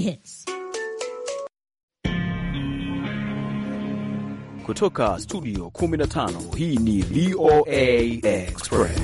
Hits. Kutoka studio 15 hii ni VOA Express.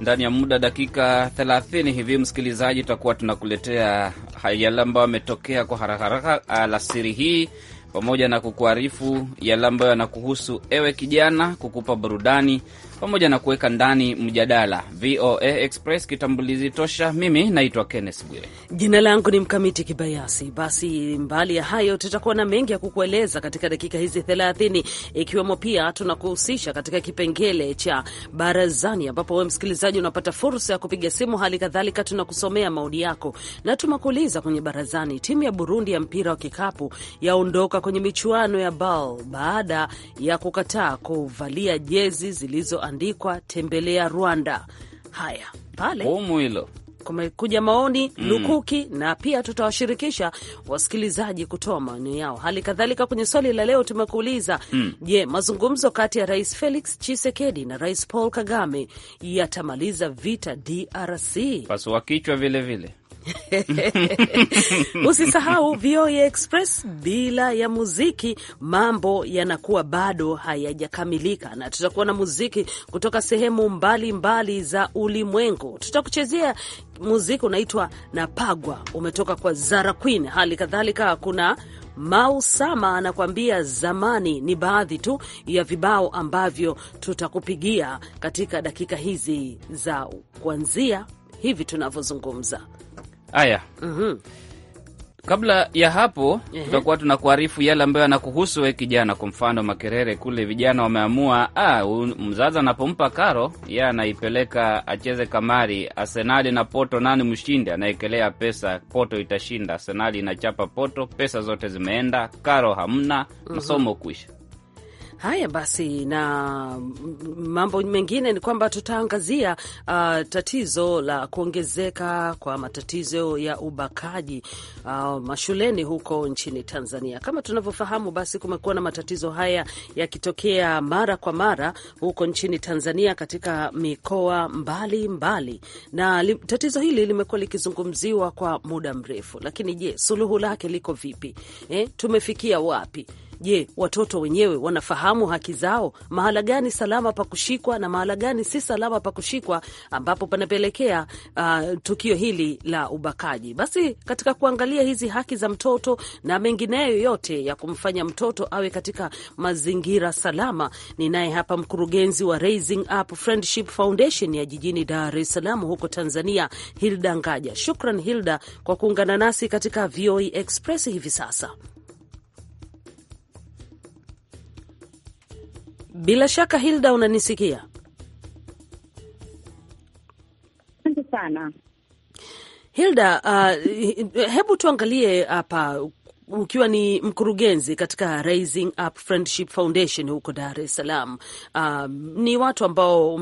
Ndani ya muda dakika 30 hivi, msikilizaji, tutakuwa tunakuletea yale ambayo ametokea kwa haraka haraka alasiri hii pamoja na kukuarifu yale ambayo yanakuhusu ewe kijana, kukupa burudani pamoja na kuweka ndani mjadala. VOA Express, kitambulizi tosha. Mimi naitwa Kenneth Bwire, jina langu ni Mkamiti Kibayasi. Basi mbali ya hayo, tutakuwa na mengi ya kukueleza katika dakika hizi thelathini ikiwemo pia tunakuhusisha katika kipengele cha barazani, ambapo wewe msikilizaji unapata fursa ya kupiga simu. Hali kadhalika tunakusomea maoni yako na tumekuuliza kwenye barazani, timu ya Burundi ya mpira wa kikapu yaondoka kwenye michuano ya BAL baada ya kukataa kuvalia jezi zilizo andikwa tembelea Rwanda. Haya, pale bomu hilo kumekuja maoni mm, lukuki na pia tutawashirikisha wasikilizaji kutoa maoni yao. Hali kadhalika kwenye swali la leo tumekuuliza mm, je, mazungumzo kati ya Rais Felix Tshisekedi na Rais Paul Kagame yatamaliza vita DRC? Pasua kichwa vilevile Usisahau VOA e Express, bila ya muziki mambo yanakuwa bado hayajakamilika, na tutakuwa na muziki kutoka sehemu mbalimbali mbali za ulimwengu. Tutakuchezea muziki unaitwa Napagwa, umetoka kwa Zara Queen. Hali kadhalika kuna Mausama anakuambia zamani. Ni baadhi tu ya vibao ambavyo tutakupigia katika dakika hizi za kuanzia hivi tunavyozungumza. Haya, mm -hmm. Kabla ya hapo tutakuwa tunakuarifu yale ambayo yanakuhusu we kijana. Kwa mfano Makerere kule, vijana wameamua ah, mzazi anapompa karo ye anaipeleka acheze kamari. Arsenali na Poto, nani mshindi? Anaekelea pesa, Poto itashinda. Arsenali inachapa Poto, pesa zote zimeenda, karo hamna, mhm. masomo kuisha. Haya basi, na mambo mengine ni kwamba tutaangazia uh, tatizo la kuongezeka kwa matatizo ya ubakaji uh, mashuleni huko nchini Tanzania. Kama tunavyofahamu, basi kumekuwa na matatizo haya yakitokea mara kwa mara huko nchini Tanzania katika mikoa mbalimbali mbali. Na li, tatizo hili limekuwa likizungumziwa kwa muda mrefu, lakini je, suluhu lake liko vipi? Eh, tumefikia wapi? Je, watoto wenyewe wanafahamu haki zao, mahala gani salama pa kushikwa na mahala gani si salama pa kushikwa, ambapo panapelekea uh, tukio hili la ubakaji. Basi katika kuangalia hizi haki za mtoto na mengineyo yote ya kumfanya mtoto awe katika mazingira salama, ninaye hapa mkurugenzi wa Raising Up Friendship Foundation ya jijini Dar es Salaam huko Tanzania, Hilda Ngaja. Shukran Hilda kwa kuungana nasi katika VOA e Express hivi sasa. Bila shaka Hilda, unanisikia? Asante sana Hilda. Uh, hebu tuangalie hapa ukiwa ni mkurugenzi katika Raising Up Friendship Foundation huko Dar es Salaam, um, ni watu ambao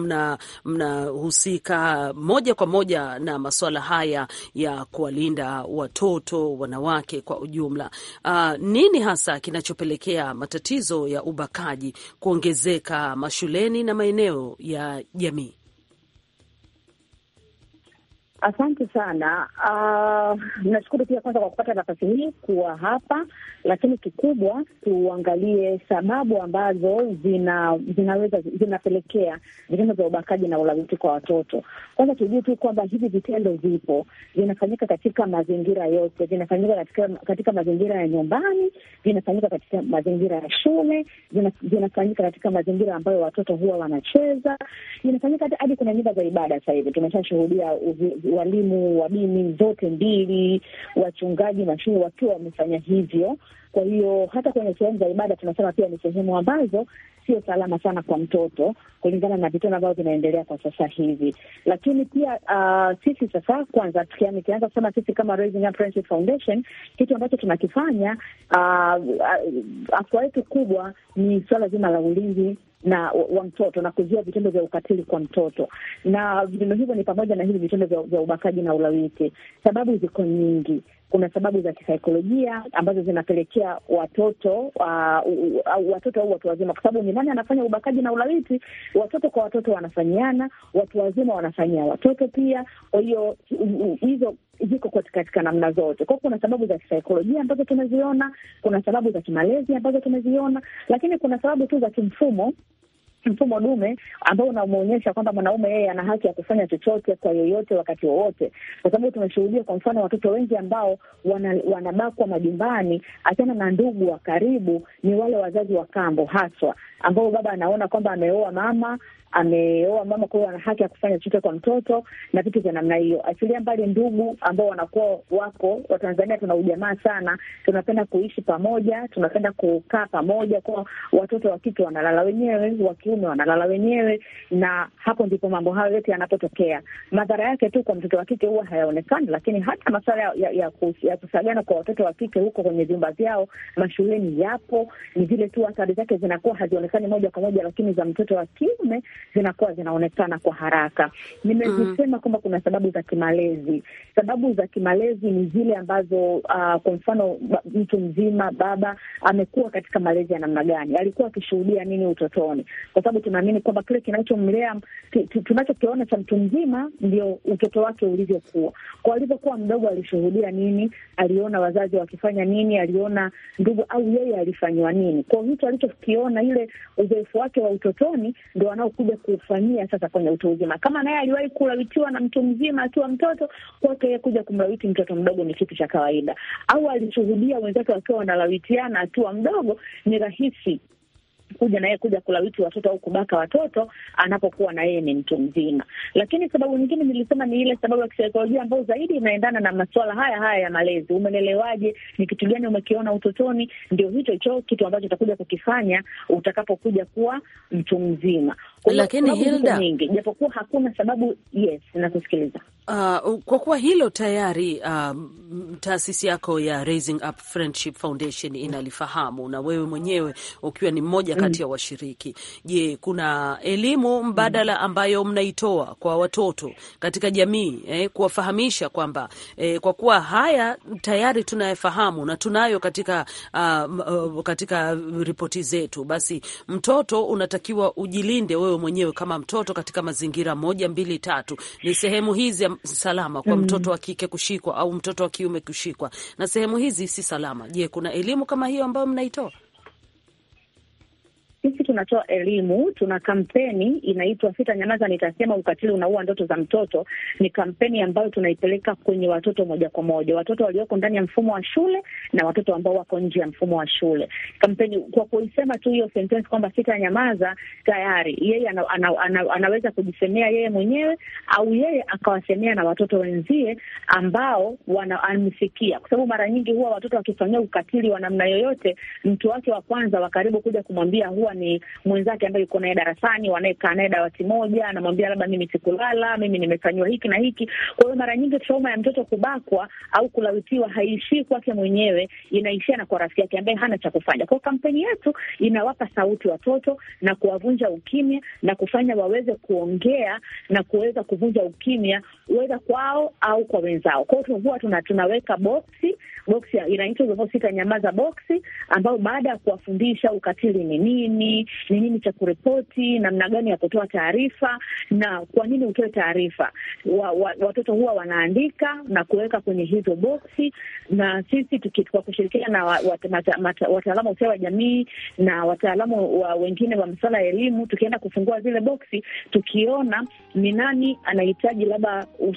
mnahusika mna moja kwa moja na masuala haya ya kuwalinda watoto, wanawake kwa ujumla. Uh, nini hasa kinachopelekea matatizo ya ubakaji kuongezeka mashuleni na maeneo ya jamii? Asante sana. Uh, nashukuru pia kwanza kwa kupata nafasi hii kuwa hapa, lakini kikubwa tuangalie sababu ambazo zina, zinaweza zinapelekea vitendo vya ubakaji na ulawiti kwa watoto. Kwanza tujue tu kwamba hivi vitendo vipo, vinafanyika katika mazingira yote, vinafanyika katika, katika mazingira ya nyumbani, vinafanyika katika mazingira ya shule, vinafanyika katika mazingira ambayo watoto huwa wanacheza, vinafanyika hadi kuna nyumba za ibada. Sasa hivi tumeshashuhudia walimu wa dini zote mbili, wachungaji na shule wakiwa wamefanya hivyo. Kwa hiyo hata kwenye sehemu za ibada tunasema pia ni sehemu ambazo sio salama sana kwa mtoto, kulingana na vitendo ambavyo vinaendelea kwa sasa hivi. Lakini pia uh, sisi sasa, kwanza nikianza kusema sisi kama Raising Up Friendship Foundation, kitu ambacho tunakifanya uh, uh, afua yetu kubwa ni suala zima la ulinzi na wa mtoto na kuzuia vitendo vya ukatili kwa mtoto, na vitendo hivyo ni pamoja na hivi vitendo vya, vya ubakaji na ulawiti. Sababu ziko nyingi. Kuna sababu za kisaikolojia ambazo zinapelekea watoto au uh, watoto au watu wazima, kwa sababu ni nani anafanya ubakaji na ulawiti? Watoto kwa watoto wanafanyiana, watu wazima wanafanyia watoto pia. Kwa hiyo hizo ziko katika namna zote. Kwa kuna sababu za kisaikolojia ambazo tumeziona, kuna sababu za kimalezi ambazo tumeziona, lakini kuna sababu tu za kimfumo mfumo dume ambao unamwonyesha kwamba mwanaume yeye ana haki ya kufanya chochote kwa yeyote wakati wowote, kwa sababu tumeshuhudia kwa mfano watoto wengi ambao wanabakwa majumbani, achana na ndugu wa karibu, ni wale wazazi wa kambo haswa, ambao baba anaona kwamba ameoa mama ameoa mama, kwa hiyo ana haki ya kufanya chochote kwa mtoto na vitu vya namna hiyo. Achilia mbali ndugu ambao wanakuwa wako. Watanzania tuna ujamaa sana, tunapenda kuishi pamoja, tunapenda kukaa pamoja, kwa watoto wa kike wanalala wenyewe waki kiume wanalala wenyewe, na hapo ndipo mambo hayo yote yanapotokea. Madhara yake tu kwa mtoto wa kike huwa hayaonekani, lakini hata masuala ya, ya, ya, kus, kusagana kwa watoto wa kike huko kwenye vyumba vyao mashuleni yapo. Ni vile tu athari zake zinakuwa hazionekani moja kwa moja, lakini za mtoto wa kiume zinakuwa zinaonekana kwa haraka. Nimezisema mm, kwamba kuna sababu za kimalezi. Sababu za kimalezi ni zile ambazo uh, kwa mfano mtu mzima baba amekuwa katika malezi ya namna gani, alikuwa akishuhudia nini utotoni kwa sababu tunaamini kwamba kile kinachomlea tunachokiona cha mtu mzima ndio utoto wake ulivyokuwa. Kwa alivyokuwa mdogo, alishuhudia nini, aliona wazazi wakifanya nini, aliona ndugu au yeye alifanyiwa nini. Kwa hicho alichokiona, ile uzoefu wake wa utotoni ndo anaokuja kuufanyia sasa kwenye utu uzima. Kama naye aliwahi kulawitiwa na mtu mzima akiwa mtoto, kwake yeye kuja kumlawiti mtoto mdogo ni kitu cha kawaida, au alishuhudia wenzake wakiwa wanalawitiana akiwa mdogo, ni rahisi kuja na yeye kuja kulawiti watoto au kubaka watoto anapokuwa na yeye ni mtu mzima. Lakini sababu nyingine nilisema ni ile sababu ya kisaikolojia ambayo zaidi inaendana na masuala haya haya ya malezi. Umenelewaje? Ni kitu gani umekiona utotoni? Ndio hicho hicho kitu ambacho utakuja kukifanya utakapokuja kuwa mtu mzima. Lakini Hilda, japokuwa hakuna sababu. Yes, nakusikiliza. Uh, kwa kuwa hilo tayari uh, taasisi yako ya Raising Up Friendship Foundation inalifahamu na wewe mwenyewe ukiwa ni mmoja mm. kati ya washiriki, je, kuna elimu mm. mbadala ambayo mnaitoa kwa watoto katika jamii eh, kuwafahamisha kwamba eh, kwa kuwa haya tayari tunayafahamu na tunayo katika, uh, uh, katika ripoti zetu, basi mtoto unatakiwa ujilinde wewe wewe mwenyewe kama mtoto katika mazingira moja mbili tatu, ni sehemu hizi salama kwa mm. mtoto wa kike kushikwa au mtoto wa kiume kushikwa, na sehemu hizi si salama. Je, kuna elimu kama hiyo ambayo mnaitoa? sisi tunatoa elimu, tuna kampeni inaitwa nyamaza Nitasema Ukatili Unaua Ndoto za Mtoto. Ni kampeni ambayo tunaipeleka kwenye watoto moja kwa moja, watoto walioko ndani ya mfumo wa shule na watoto ambao wako nje ya mfumo wa shule. Kampeni kwa kuisema tu hiyo sentensi kwamba nyamaza tayari yeye ana, ana, ana, ana, anaweza kujisemea yeye mwenyewe au yeye akawasemea na watoto wenzie ambao wanamsikia, kwa sababu mara nyingi huwa watoto wakifanyia ukatili wa namna yoyote, mtu wake wa kwanza wa karibu kuja kumwambia huwa huwa ni mwenzake ambaye yuko naye darasani, wanaekaa naye dawati moja, anamwambia labda mimi sikulala, mimi nimefanyiwa hiki na hiki. Kwa hiyo mara nyingi trauma ya mtoto kubakwa au kulawitiwa haiishii kwake mwenyewe, inaishia na kwa rafiki yake ambaye hana cha kufanya. Kwa kampeni yetu inawapa sauti watoto na kuwavunja ukimya na kufanya waweze kuongea na kuweza kuvunja ukimya, uweza kwao au kwa wenzao. Kwa hiyo huwa tuna, tunaweka boksi boksi inaitwa hivyo, sita nyamaza boksi, ambayo baada ya kuwafundisha ukatili ni nini gani, ni nini cha kuripoti, namna gani ya kutoa taarifa na kwa nini utoe taarifa. Wa, wa, watoto huwa wanaandika na kuweka kwenye hizo boksi, na sisi kwa kushirikiana na wataalamu wa ustawi wa jamii na wataalamu wa wengine wa masuala ya elimu, tukienda kufungua zile boksi, tukiona ni nani anahitaji labda, uh,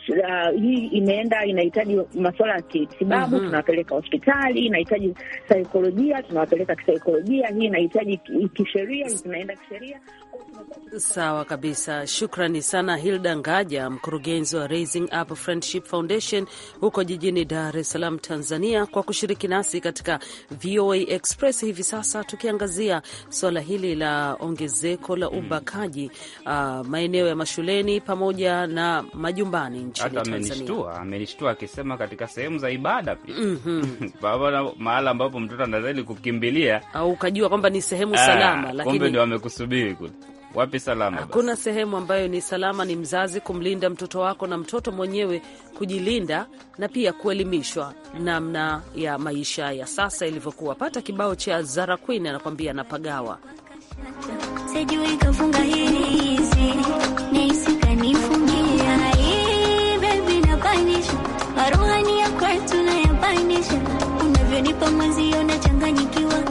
hii imeenda inahitaji masuala ya kitibabu, mm -hmm. tunawapeleka hospitali, inahitaji saikolojia, tunawapeleka kisaikolojia, hii inahitaji kisheria, zinaenda kisheria. Sawa kabisa, shukrani sana Hilda Ngaja, mkurugenzi wa Raising Up Friendship Foundation huko jijini Dar es Salaam, Tanzania, kwa kushiriki nasi katika VOA Express hivi sasa, tukiangazia suala hili la ongezeko la hmm. ubakaji uh, maeneo ya mashuleni pamoja na majumbani nchini Tanzania. Amenishtua, amenishtua akisema katika sehemu za ibada pia mm -hmm. mahala ambapo mtoto anastahili kukimbilia au ukajua kwamba ni sehemu ah, salama salama, lakini kumbe ndio wamekusubiri kule. Wapi salama? Hakuna sehemu ambayo ni salama. Ni mzazi kumlinda mtoto wako na mtoto mwenyewe kujilinda na pia kuelimishwa namna ya maisha ya sasa ilivyokuwa. Pata kibao cha Zara Queen anakwambia napagawa sijui kafunga hizi unavyonipa mwenzio nachanganyikiwa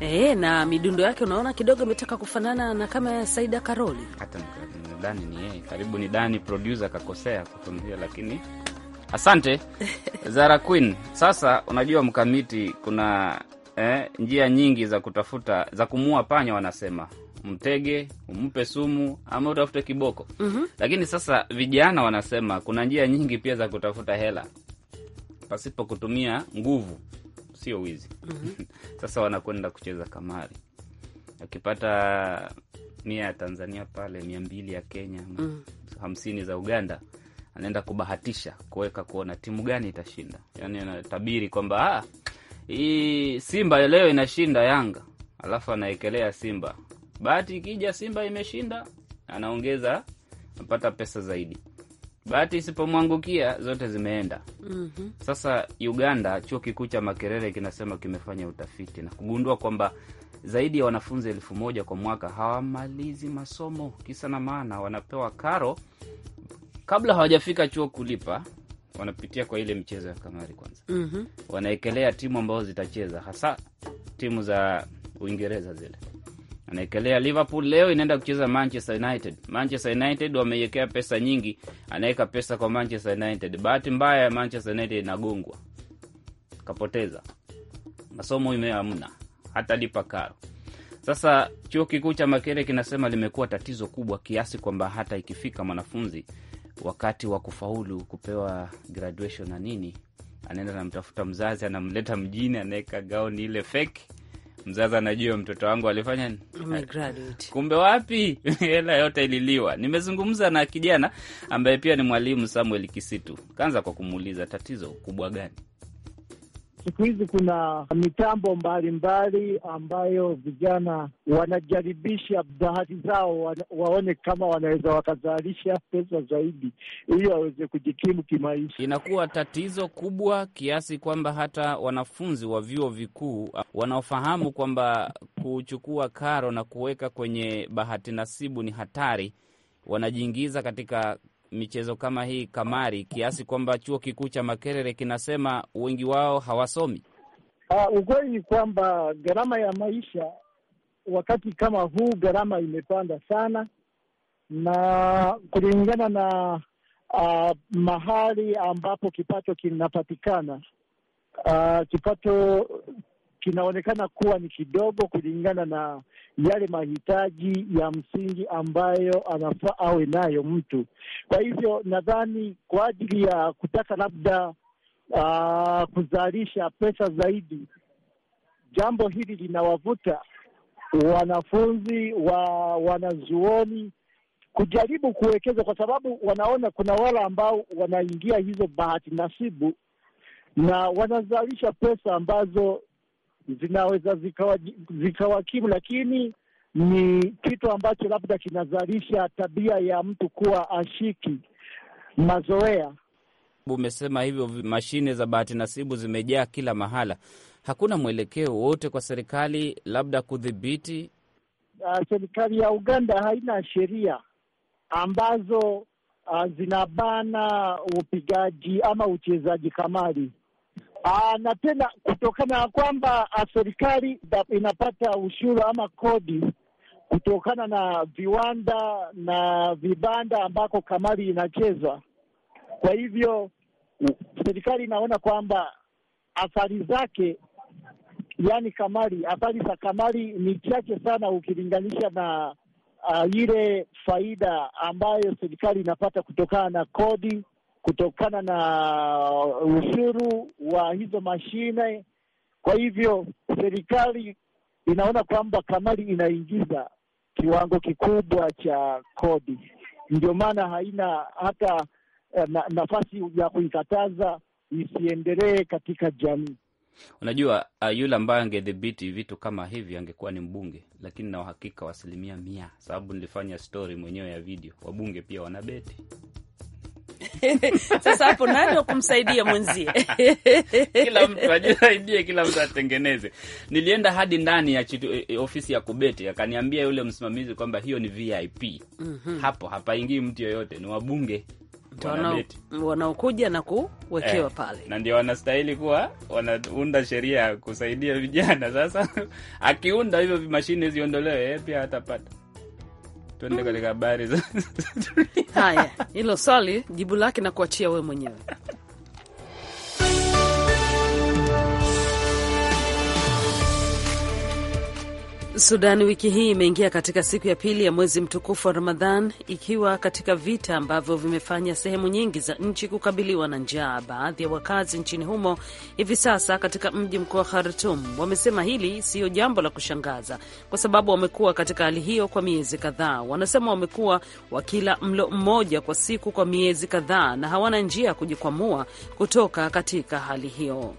E, na midundo yake unaona kidogo imetaka kufanana na kama ya Saida Karoli. Hata Dani ni yeye, karibu ni Dani producer kakosea kutumia, lakini asante Zara Queen. Sasa unajua mkamiti, kuna eh, njia nyingi za kutafuta za kumua panya, wanasema mtege, umpe sumu ama utafute kiboko. mm -hmm. Lakini sasa vijana wanasema kuna njia nyingi pia za kutafuta hela pasipo kutumia nguvu sio wizi mm -hmm. Sasa wanakwenda kucheza kamari, akipata mia ya Tanzania pale, mia mbili ya Kenya mm -hmm. hamsini za Uganda anaenda kubahatisha kuweka kuona timu gani itashinda. Yani anatabiri kwamba ah, hii Simba leo inashinda Yanga, alafu anaekelea Simba. Bahati ikija Simba imeshinda, anaongeza, anapata pesa zaidi bahati isipomwangukia zote zimeenda. mm -hmm. Sasa Uganda, chuo kikuu cha Makerere kinasema kimefanya utafiti na kugundua kwamba zaidi ya wanafunzi elfu moja kwa mwaka hawamalizi masomo. Kisa na maana, wanapewa karo kabla hawajafika chuo kulipa wanapitia kwa ile mchezo ya kamari kwanza. mm -hmm. Wanaekelea timu ambazo zitacheza hasa timu za Uingereza zile anaekelea Liverpool leo inaenda kucheza Manchester United. Manchester United wameiwekea pesa nyingi, anaweka pesa kwa Manchester United. Bahati mbaya ya Manchester United inagongwa, kapoteza masomo, ime amna hata lipa karo. Sasa chuo kikuu cha Makere kinasema limekuwa tatizo kubwa kiasi kwamba hata ikifika mwanafunzi wakati wa kufaulu kupewa graduation na nini, anaenda anamtafuta mzazi, anamleta mjini, anaweka gauni ile feki Mzazi anajua mtoto wangu alifanya nini, oh, kumbe wapi hela yote ililiwa. Nimezungumza na kijana ambaye pia ni mwalimu Samuel Kisitu, kaanza kwa kumuuliza tatizo kubwa gani siku hizi kuna mitambo mbalimbali mbali ambayo vijana wanajaribisha bahati zao wa, waone kama wanaweza wakazalisha pesa zaidi ili waweze kujikimu kimaisha. Inakuwa tatizo kubwa kiasi kwamba hata wanafunzi wa vyuo vikuu uh, wanaofahamu kwamba kuchukua karo na kuweka kwenye bahati nasibu ni hatari, wanajiingiza katika michezo kama hii kamari, kiasi kwamba chuo kikuu cha Makerere kinasema wengi wao hawasomi. Uh, ukweli ni kwamba gharama ya maisha wakati kama huu, gharama imepanda sana, na kulingana na uh, mahali ambapo kipato kinapatikana, uh, kipato kinaonekana kuwa ni kidogo kulingana na yale mahitaji ya msingi ambayo anafaa awe nayo mtu. Kwa hivyo nadhani kwa ajili ya kutaka labda aa, ah, kuzalisha pesa zaidi, jambo hili linawavuta wanafunzi wa wanazuoni kujaribu kuwekeza, kwa sababu wanaona kuna wale ambao wanaingia hizo bahati nasibu na wanazalisha pesa ambazo zinaweza zikawakimu lakini ni kitu ambacho labda kinazalisha tabia ya mtu kuwa ashiki mazoea. Umesema hivyo, mashine za bahati nasibu zimejaa kila mahala, hakuna mwelekeo wote kwa serikali labda kudhibiti. Uh, serikali ya Uganda haina sheria ambazo uh, zinabana upigaji ama uchezaji kamari Aa, ah, na tena kutokana na kwamba ah, serikali inapata ushuru ama kodi kutokana na viwanda na vibanda ambako kamari inachezwa. Kwa hivyo serikali inaona kwamba athari zake, yani kamari, athari za kamari ni chache sana ukilinganisha na uh, ile faida ambayo serikali inapata kutokana na kodi kutokana na ushuru wa hizo mashine. Kwa hivyo serikali inaona kwamba kamari inaingiza kiwango kikubwa cha kodi, ndio maana haina hata eh, na, nafasi ya kuikataza isiendelee katika jamii. Unajua uh, yule ambaye angedhibiti vitu kama hivi angekuwa ni mbunge, lakini na uhakika wa asilimia mia, sababu nilifanya stori mwenyewe ya video, wabunge pia wanabeti. Sasa hapo nani wakumsaidia mwenzie? Kila mtu ajisaidie, kila mtu atengeneze. Nilienda hadi ndani ya chitu, eh, ofisi ya Kubeti, akaniambia yule msimamizi kwamba hiyo ni VIP mm -hmm. Hapo hapaingii mtu yoyote, ni wabunge wanaokuja na kuwekewa eh, pale na ndio wanastahili kuwa wanaunda sheria ya kusaidia vijana. Sasa akiunda hivyo vimashine ziondolewe, pia atapata Tuende katika habari za haya. Hilo swali jibu lake na kuachia wewe mwenyewe. Sudani wiki hii imeingia katika siku ya pili ya mwezi mtukufu wa Ramadhan ikiwa katika vita ambavyo vimefanya sehemu nyingi za nchi kukabiliwa na njaa. Baadhi ya wakazi nchini humo hivi sasa katika mji mkuu wa Khartum wamesema hili siyo jambo la kushangaza, kwa sababu wamekuwa katika hali hiyo kwa miezi kadhaa. Wanasema wamekuwa wakila mlo mmoja kwa siku kwa miezi kadhaa na hawana njia ya kujikwamua kutoka katika hali hiyo.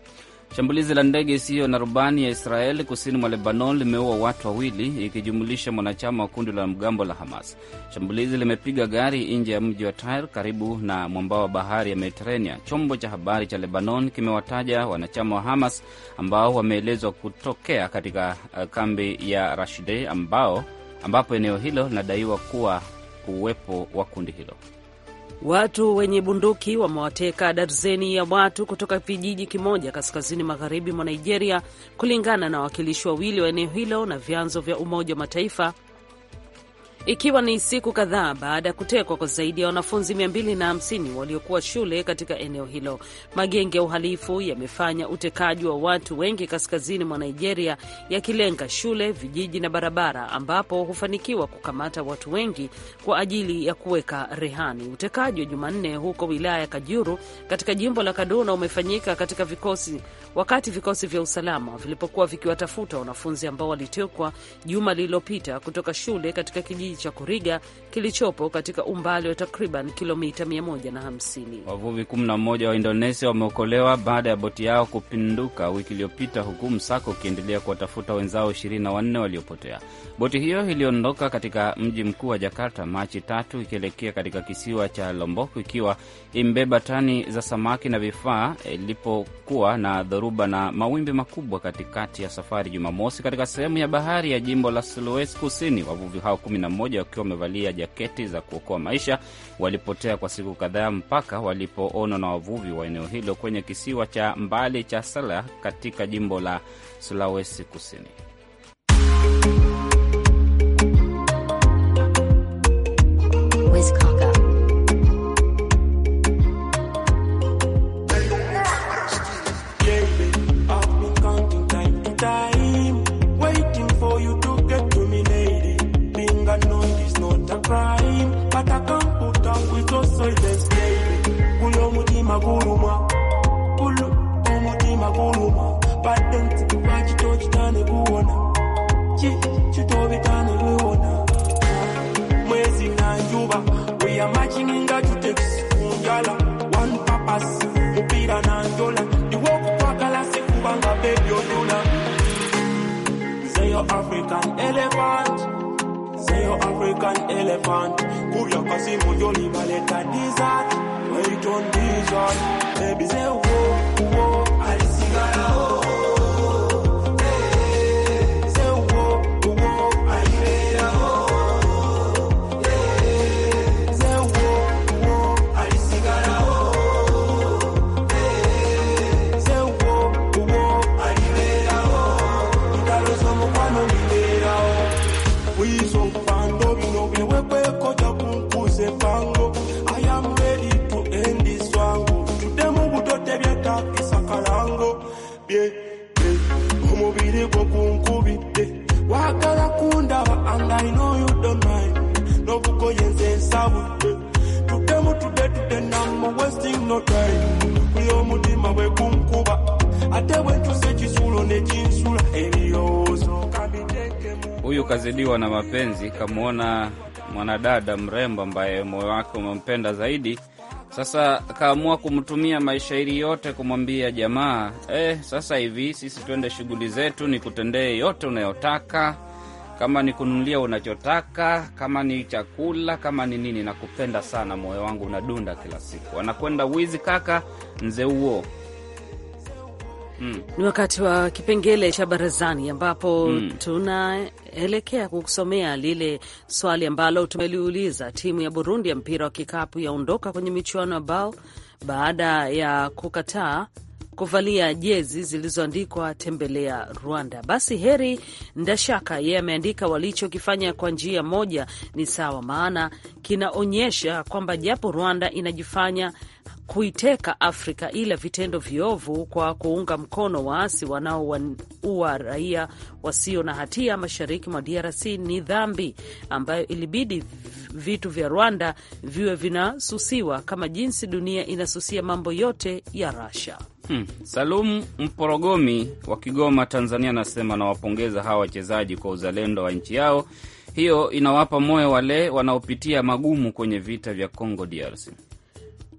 Shambulizi la ndege isiyo na rubani ya Israel kusini mwa Lebanon limeua watu wawili ikijumulisha mwanachama wa kundi la mgambo la Hamas. Shambulizi limepiga gari nje ya mji wa Tair karibu na mwambao wa bahari ya Mediterania. Chombo cha habari cha Lebanon kimewataja wanachama wa Hamas ambao wameelezwa kutokea katika uh, kambi ya Rashide ambao ambapo eneo hilo linadaiwa kuwa uwepo wa kundi hilo. Watu wenye bunduki wamewateka darzeni ya watu kutoka kijiji kimoja kaskazini magharibi mwa Nigeria, kulingana na wawakilishi wawili wa eneo hilo na vyanzo vya Umoja wa Mataifa ikiwa ni siku kadhaa baada ya kutekwa kwa zaidi ya wanafunzi 250 waliokuwa shule katika eneo hilo. Magenge ya uhalifu yamefanya utekaji wa watu wengi kaskazini mwa Nigeria, yakilenga shule, vijiji na barabara, ambapo hufanikiwa kukamata watu wengi kwa ajili ya kuweka rehani. Utekaji wa Jumanne huko wilaya ya Kajuru katika jimbo la Kaduna umefanyika katika vikosi wakati vikosi vya usalama vilipokuwa vikiwatafuta wanafunzi ambao walitekwa juma lililopita kutoka shule katika kijiji cha Kuriga kilichopo katika umbali wa takriban kilomita 150. Wavuvi 11 wa Indonesia wameokolewa baada ya boti yao kupinduka wiki iliyopita, huku msako ukiendelea kuwatafuta wenzao 24 waliopotea. Boti hiyo iliondoka katika mji mkuu wa Jakarta Machi tatu ikielekea katika kisiwa cha Lombok ikiwa imbeba tani za samaki na vifaa ilipokuwa na dhoruba na mawimbi makubwa katikati ya safari Jumamosi katika sehemu ya bahari ya jimbo la Sulawesi Kusini. Wavuvi hao mmoja wakiwa wamevalia jaketi za kuokoa maisha walipotea kwa siku kadhaa mpaka walipoonwa na wavuvi wa eneo hilo kwenye kisiwa cha mbali cha Sala katika jimbo la Sulawesi Kusini. elephant. Could you pass him with your liver a desert? Wait on vision. Baby say, whoa, whoa, I'll sing along. And I know you don't mind. No book wasting no time. Huyu kazidiwa na mapenzi, kamwona mwanadada mrembo ambaye moyo wake umempenda zaidi. Sasa kaamua kumtumia mashairi yote kumwambia jamaa, eh, sasa hivi sisi twende shughuli zetu, nikutendee yote unayotaka kama ni kununulia unachotaka, kama ni chakula, kama ni nini. Nakupenda sana, moyo wangu unadunda kila siku. Anakwenda wizi kaka mzee huo. Mm. Ni wakati wa kipengele cha barazani ambapo mm, tunaelekea kukusomea lile swali ambalo tumeliuliza. Timu ya Burundi ya mpira wa kikapu yaondoka kwenye michuano ya bao baada ya kukataa kuvalia jezi zilizoandikwa tembelea Rwanda. Basi Heri Ndashaka yeye ameandika walichokifanya kwa njia moja ni sawa, maana kinaonyesha kwamba japo Rwanda inajifanya kuiteka Afrika ila vitendo viovu kwa kuunga mkono waasi wanaoua raia wasio na hatia mashariki mwa DRC ni dhambi ambayo ilibidi vitu vya Rwanda viwe vinasusiwa kama jinsi dunia inasusia mambo yote ya Russia. Hmm. Salum Mporogomi wa Kigoma, Tanzania anasema anawapongeza hawa wachezaji kwa uzalendo wa nchi yao. Hiyo inawapa moyo wale wanaopitia magumu kwenye vita vya Congo DRC.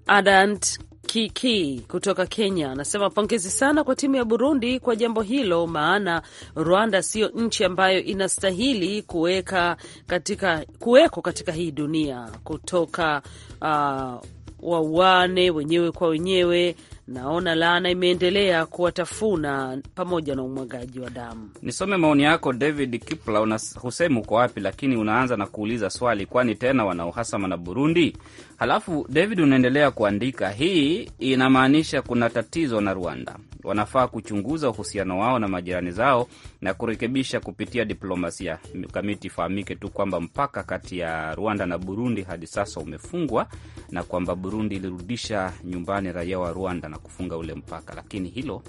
Adant Kiki kutoka Kenya anasema pongezi sana kwa timu ya Burundi kwa jambo hilo, maana Rwanda siyo nchi ambayo inastahili kuweka katika kuweko katika hii dunia kutoka uh, wauane wenyewe kwa wenyewe Naona laana imeendelea kuwatafuna pamoja na umwagaji wa damu. Nisome maoni yako. David Kipla husemi uko wapi, lakini unaanza na kuuliza swali, kwani tena wana uhasama na Burundi? Halafu David unaendelea kuandika, hii inamaanisha kuna tatizo na Rwanda. Wanafaa kuchunguza uhusiano wao na majirani zao na kurekebisha kupitia diplomasia. Kamiti, ifahamike tu kwamba mpaka kati ya Rwanda na Burundi hadi sasa umefungwa na kwamba Burundi ilirudisha nyumbani raia wa Rwanda na kufunga ule mpaka, lakini hilo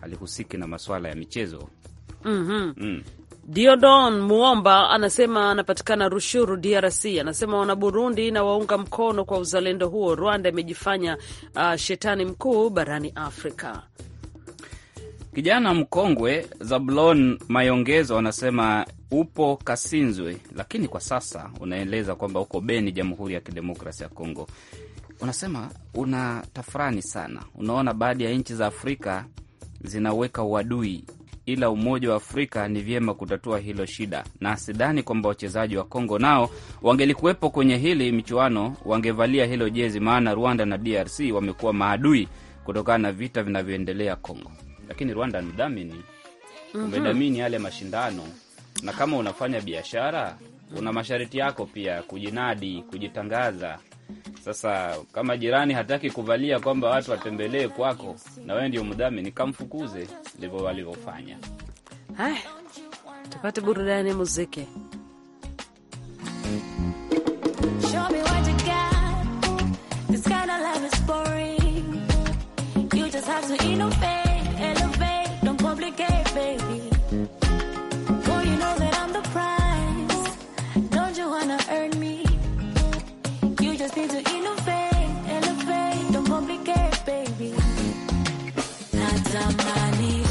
halihusiki na masuala ya michezo. mm -hmm. mm. Diodon Muomba anasema anapatikana Rushuru, DRC. Anasema wana Burundi na waunga mkono kwa uzalendo huo. Rwanda imejifanya uh, shetani mkuu barani Afrika. Kijana mkongwe Zablon Mayongezo anasema upo Kasinzwe, lakini kwa sasa unaeleza kwamba uko Beni, Jamhuri ya kidemokrasi ya Kongo unasema una tafurani sana. Unaona baadhi ya nchi za Afrika zinaweka uadui, ila Umoja wa Afrika ni vyema kutatua hilo shida, na sidhani kwamba wachezaji wa Kongo nao wangelikuwepo kwenye hili michuano wangevalia hilo jezi, maana Rwanda na DRC wamekuwa maadui kutokana na vita vinavyoendelea Kongo, lakini Rwanda ni mdhamini, mhm. umedhamini yale mashindano, na kama unafanya biashara una masharti yako pia, kujinadi, kujitangaza sasa kama jirani hataki kuvalia kwamba watu watembelee kwako na wewe ndio mdhamini, kamfukuze, ndivyo walivyofanya. Haya, tupate burudani ya muziki. zamani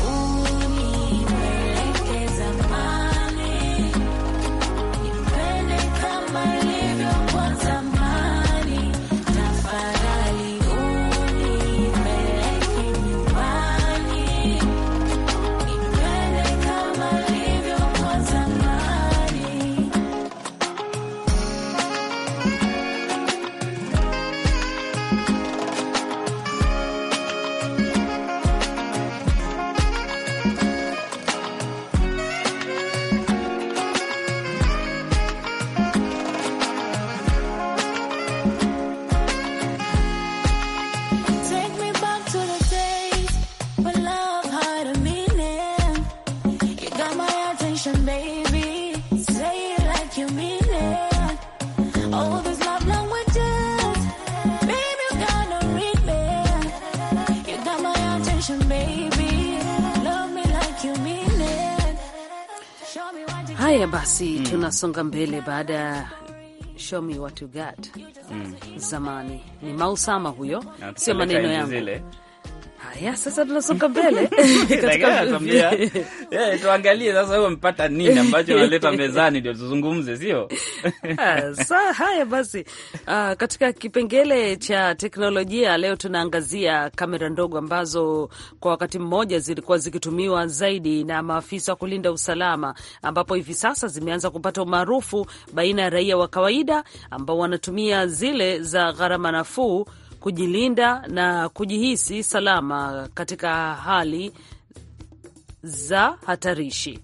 Haya basi, mm. tunasonga mbele baada ya show me what you got mm. zamani ni Mausama huyo, sio maneno yangu Haya, sasa tunasonga mbele tuangalie sasa, huo mpata nini ambacho unaleta mezani, ndio tuzungumze, sio ah, sa? Haya basi, uh, katika kipengele cha teknolojia leo tunaangazia kamera ndogo ambazo kwa wakati mmoja zilikuwa zikitumiwa zaidi na maafisa wa kulinda usalama, ambapo hivi sasa zimeanza kupata umaarufu baina ya raia wa kawaida ambao wanatumia zile za gharama nafuu kujilinda na kujihisi salama katika hali za hatarishi.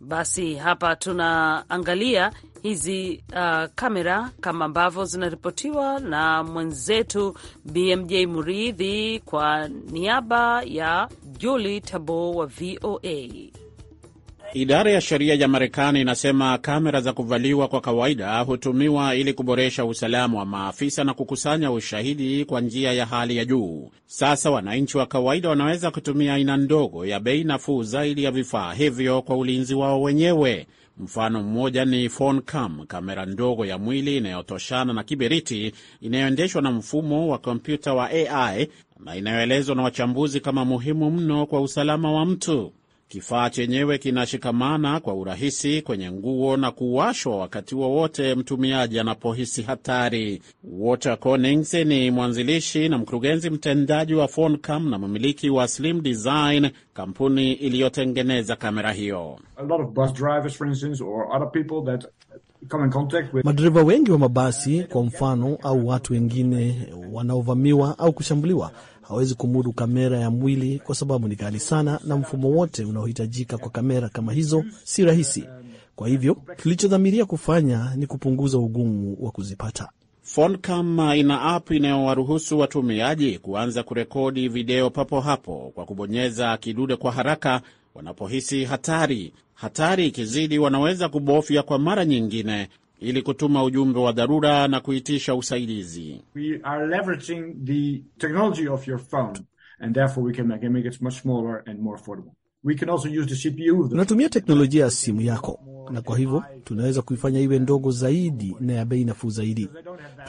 Basi hapa tunaangalia hizi uh, kamera kama ambavyo zinaripotiwa na mwenzetu BMJ Muridhi kwa niaba ya Juli Tabo wa VOA. Idara ya sheria ya Marekani inasema kamera za kuvaliwa kwa kawaida hutumiwa ili kuboresha usalama wa maafisa na kukusanya ushahidi kwa njia ya hali ya juu. Sasa wananchi wa kawaida wanaweza kutumia aina ndogo ya bei nafuu zaidi ya vifaa hivyo kwa ulinzi wao wenyewe. Mfano mmoja ni phone cam, kamera ndogo ya mwili inayotoshana na kiberiti inayoendeshwa na mfumo wa kompyuta wa AI na inayoelezwa na wachambuzi kama muhimu mno kwa usalama wa mtu. Kifaa chenyewe kinashikamana kwa urahisi kwenye nguo na kuwashwa wakati wowote wa mtumiaji anapohisi hatari. Walter Konings ni mwanzilishi na mkurugenzi mtendaji wa Foncam na mmiliki wa Slim Design, kampuni iliyotengeneza kamera hiyo. madereva wengi wa mabasi kwa mfano, au watu wengine wanaovamiwa au kushambuliwa hawezi kumudu kamera ya mwili kwa sababu ni ghali sana, na mfumo wote unaohitajika kwa kamera kama hizo si rahisi. Kwa hivyo kilichodhamiria kufanya ni kupunguza ugumu wa kuzipata. Folcam ina app inayowaruhusu watumiaji kuanza kurekodi video papo hapo kwa kubonyeza kidude kwa haraka wanapohisi hatari. Hatari ikizidi, wanaweza kubofya kwa mara nyingine ili kutuma ujumbe wa dharura na kuitisha usaidizi. We are leveraging the technology of your phone and therefore we can make it much smaller and more affordable. We can also use the CPU. Tunatumia teknolojia ya simu yako na kwa hivyo tunaweza kuifanya iwe ndogo zaidi na ya bei nafuu zaidi.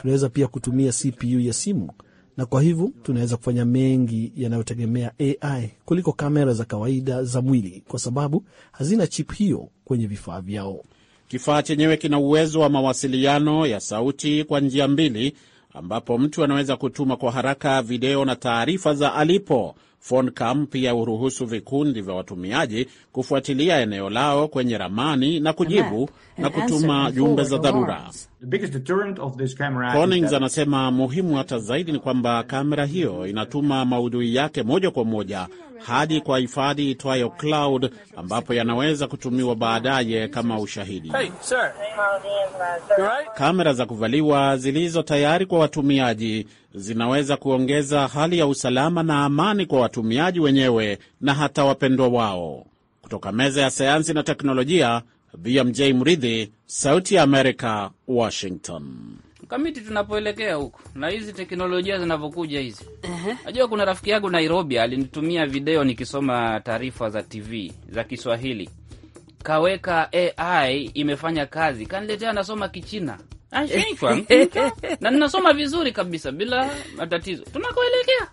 Tunaweza pia kutumia CPU ya simu na kwa hivyo tunaweza kufanya mengi yanayotegemea AI kuliko kamera za kawaida za mwili, kwa sababu hazina chip hiyo kwenye vifaa vyao. Kifaa chenyewe kina uwezo wa mawasiliano ya sauti kwa njia mbili, ambapo mtu anaweza kutuma kwa haraka video na taarifa za alipo Foncam pia huruhusu vikundi vya watumiaji kufuatilia eneo lao kwenye ramani na kujibu na kutuma jumbe za dharura. Konings anasema muhimu hata zaidi ni kwamba kamera hiyo inatuma maudhui yake moja kwa moja hadi kwa hifadhi itwayo cloud, ambapo yanaweza kutumiwa baadaye kama ushahidi. Hey, Kamera za kuvaliwa zilizo tayari kwa watumiaji zinaweza kuongeza hali ya usalama na amani kwa watumiaji wenyewe na hata wapendwa wao. Kutoka meza ya sayansi na teknolojia, BMJ Mridhi, Sauti ya Amerika, Washington. Kamiti, tunapoelekea huko na hizi teknolojia zinavyokuja hizi, najua kuna rafiki yangu Nairobi alinitumia video nikisoma taarifa za TV za Kiswahili, kaweka AI imefanya kazi, kaniletea, nasoma Kichina ashaifa eh, na ninasoma vizuri kabisa bila matatizo. Tunakoelekea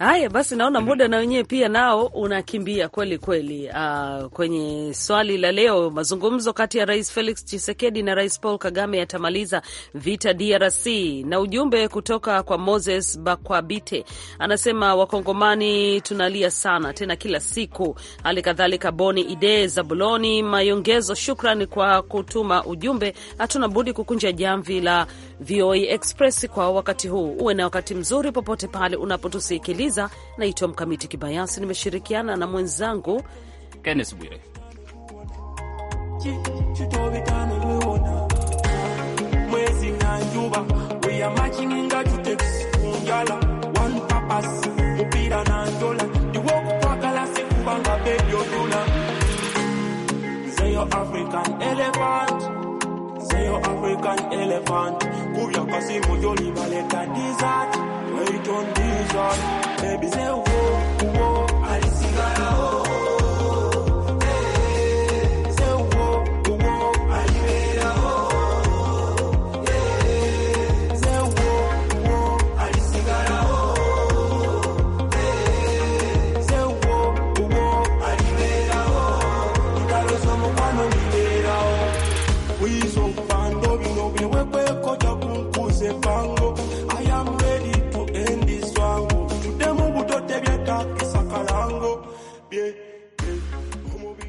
Haya basi, naona mhm. muda na wenyewe pia nao unakimbia kweli kweli. Uh, kwenye swali la leo, mazungumzo kati ya Rais Felix Tshisekedi na Rais Paul Kagame yatamaliza vita DRC, na ujumbe kutoka kwa Moses Bakwabite anasema Wakongomani tunalia sana tena kila siku. Hali kadhalika Boni Ide Zabuloni Mayongezo, shukran kwa kutuma ujumbe. Hatuna budi kukunja jamvi la VOA Express kwa wakati huu. Uwe na wakati mzuri popote pale unapotusikiliza kusikiliza. Naitwa Mkamiti Kibayasi, nimeshirikiana na mwenzangu Kennes Bwire. elephant, Kuya wait on is